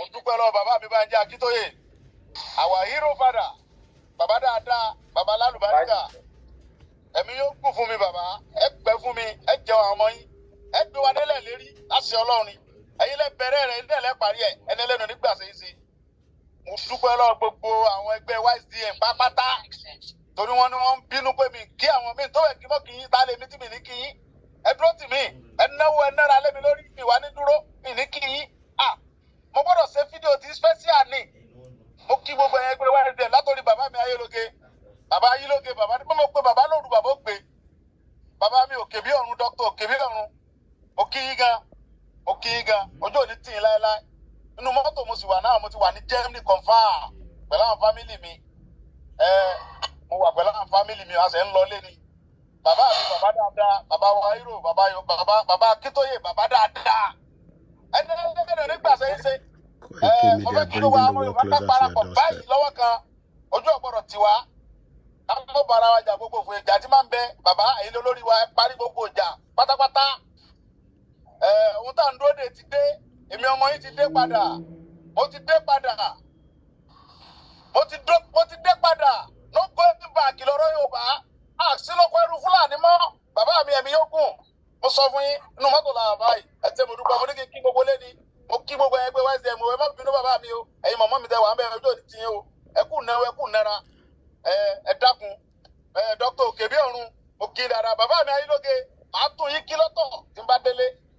mo dúpẹ́ lọ́wọ́ bàbá mi Bánjí Akíntóyè our hero father bàbá dáadáa bàbá lálùbáríkà ẹ̀mí yóò kún fún mi bàbá ẹ pẹ́ fún mi ẹ jẹun àwọn ọmọ yín ẹ gbé wa délẹ̀ lérí láti ọlọ́run ni ẹ̀yin lẹ bẹ̀rẹ̀ rẹ̀ ẹ̀yin lẹ parí ẹ̀ ẹni ẹlẹ́nu nígbà ṣe é ṣe mo dúpẹ́ lọ́wọ́ gbogbo àwọn ẹgbẹ́ YSDM pápátá torí wọn ni wọn ń bínú pé mi kí àwọn míì tó yẹ kí mọ́ kì í ta lèmi tí mi ní kì í ẹ dúró tì mí ẹ náwó ẹ nára lé mi lórí ó kí gan ojú òní tì í láéláé inú mọ́tò mo sì wà náà mo ti wà ní Germany confam pẹ̀lú àwọn mi ẹ mo wa pẹ̀lú àwọn mi àṣẹ ń lọ ni baba mi bàbá dáadáa baba wáírò bàbá baba bàbá baba akíntóyè bàbá dáadáa ẹni ẹni wa jà gbogbo òfin ìjà wa Eh, ohun tá à ń dúró de ti dé èmi ọmọ ti dé padà mo ti dé padà mo ti dé mo padà no going back lọ́rọ̀ yorùbá àṣì lọ́kọ́ ẹrú fúlàní mọ́ bàbá mi ẹ̀mí yóò gùn mo sọ fún yín inú mọ́tò làwọn báyìí mo dúpẹ́ mo ní kí n kí gbogbo lé ní mo kí gbogbo ẹgbẹ́ wá mo má bínú bàbá mi o ẹ̀yin mọ̀mọ́ mi tẹ wà ojú o ẹ kú nẹ́wọ́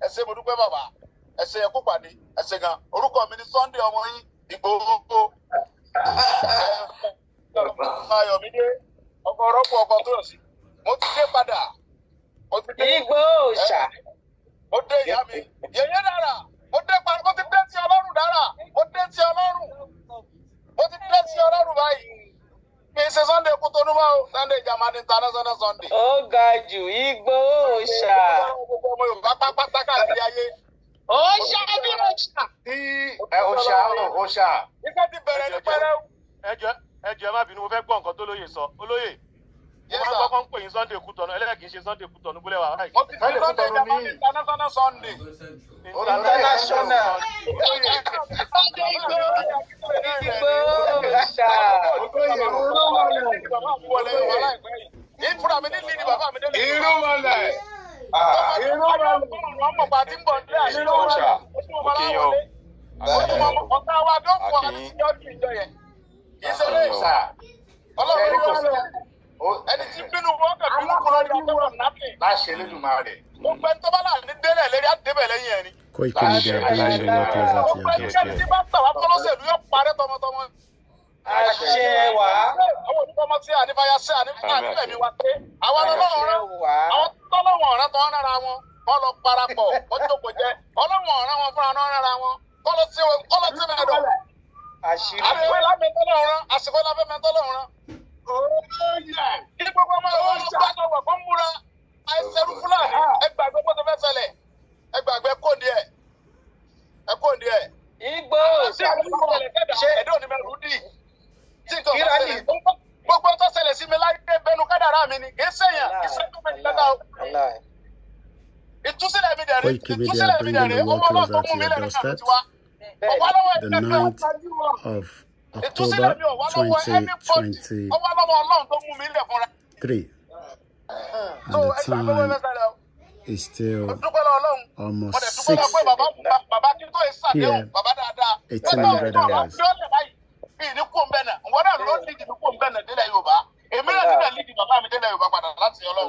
ẹ ṣé mo dúpẹ́ bàbá ẹ ṣé ẹ kú pàdé ẹ ṣé gan orúkọ mi ni Sunday ọmọ yín Ìgbòho Ayọ̀mídé ọkọ rọ́pò ọkọ tó sí mo ti dé padà mo ti dé Ìgbòho ṣá mo dé ìyá mi yèyé dára mo dé padà mo ti dé ti Ọlọ́run dára mo dé ti Ọlọ́run mo ti dé ti Ọlọ́run báyìí kì í ṣe Sunday kú tó númọ́ Sunday German International Sunday ga jù igbó òòṣà. ọmọ yorùbá pápátá káàkiri ayé. òòṣà bí òòṣà. tí òòṣà òòṣà. iṣẹ́ ti bẹ̀rẹ̀ ní pẹ́rẹ́. ẹjọ́ ẹjọ́ ẹ má bínú mo fẹ́ gbọ́ nǹkan tó lóye sọ olóye wọ́n gbọ́ kán pè yín Sunday Kútọ̀nù ẹlẹ́yà kì ṣe Sunday Kútọ̀nù búlẹ̀ wà báyìí. wọ́n ti Sunday jama ní international Sunday. international. Sunday Igboho ṣá àbúrò mi nílùú ni bàbá mi délé. irú wọn lẹ. Ah, irú wọn lẹ. ọmọ ọmọ tí ń bọ̀ ní àyè ló wọlé. ó kì í yọ. ọ̀gá wa tó kù àti ìjọ ju ìjọ yẹn. ìṣẹ̀lẹ̀ ìṣà. ọlọ́run ló wọlé. ẹni tí bínú wọn kẹ bínú kọ́ lórí àtẹ́wọ̀ nàpì. láṣẹ lẹ́nu máa rẹ̀. mo pẹ́ tó bá là ní délẹ̀ lérí àdébẹ̀ lẹ́yìn ẹ̀ kó ìpinnu dẹ̀ abẹ́rẹ́ fún àbílẹ̀ ni wa pé àwọn ọlọ́wọ̀n rán àwọn tọ́lọ́wọ̀n rán tó ń rárá wọn kọ́ lọ parapọ̀ kọ́ jókòó jẹ́ ọlọ́wọ̀n rán wọn fúnra náà rárá wọn kọ́ lọ sí ẹ̀dọ̀ àṣìwé lámì tọ́lọ́wọ̀n rán àṣìwé lámì mi ni kì í sẹ́yìn kì tó mẹ́rin lábá o. ìtúsílẹ̀ mi dẹ̀rẹ̀ ìtúsílẹ̀ mi dẹ̀rẹ̀ owó náà tó mú mi lẹ́nu kàmú ti wá. ọwọ́ lọ́wọ́ ẹ̀ tẹ́tẹ́ ọ̀tá and the time is still almost six p.m. eighteen hundred hours.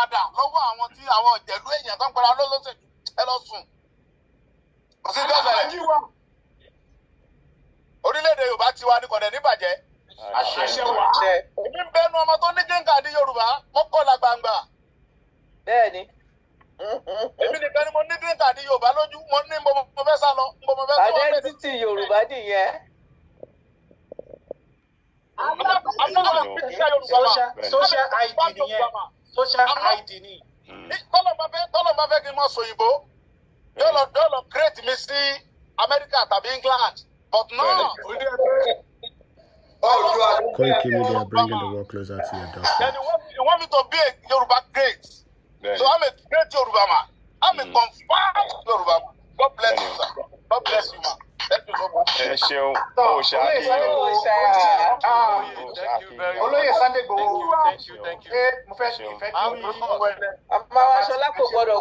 padà lọ́wọ́ àwọn tí àwọn ìjẹ̀lú èèyàn tó ń pera lọ́lọ́sẹ̀jú ẹ lọ sùn. kò sí bẹ́ẹ̀ bẹ̀rẹ̀ orílẹ̀-èdè Yorùbá tiwa ní kọ̀dẹ̀ níbàjẹ́ àṣẹ wà á èmi ń bẹnu ọmọ tó ní géńgà ní Yorùbá mọ́kànlá gbangba. bẹ́ẹ̀ni. èmi nìkan ni mo ní géńgà ní Yorùbá lójú mo ní mo mo fẹ́ sá lọ mo mo fẹ́ sọ ọ́ bẹ́ẹ̀. àdẹ́títì Yorùbá nìyẹn. social social ID nìyẹn social id ni hmm. tọ́lọ̀ fẹ́ kí n mọ̀ sòyìnbó hmm. yóò lọ create mi sí America tàbí England but no. Hmm. Koiki Media bringing the world closer to your doorstep. And you want, me to be a Yoruba great. So I'm a great Yoruba man. I'm a confirmed Yoruba man. God bless you, sir. God bless you, man ẹ ṣeun o ṣáàkì ah, o olóyè Sunday Igboho pé eh, mo fẹ́ kí ìfẹ́ kí ó yí. àmọ́ aṣọ lápò gbọ́dọ̀.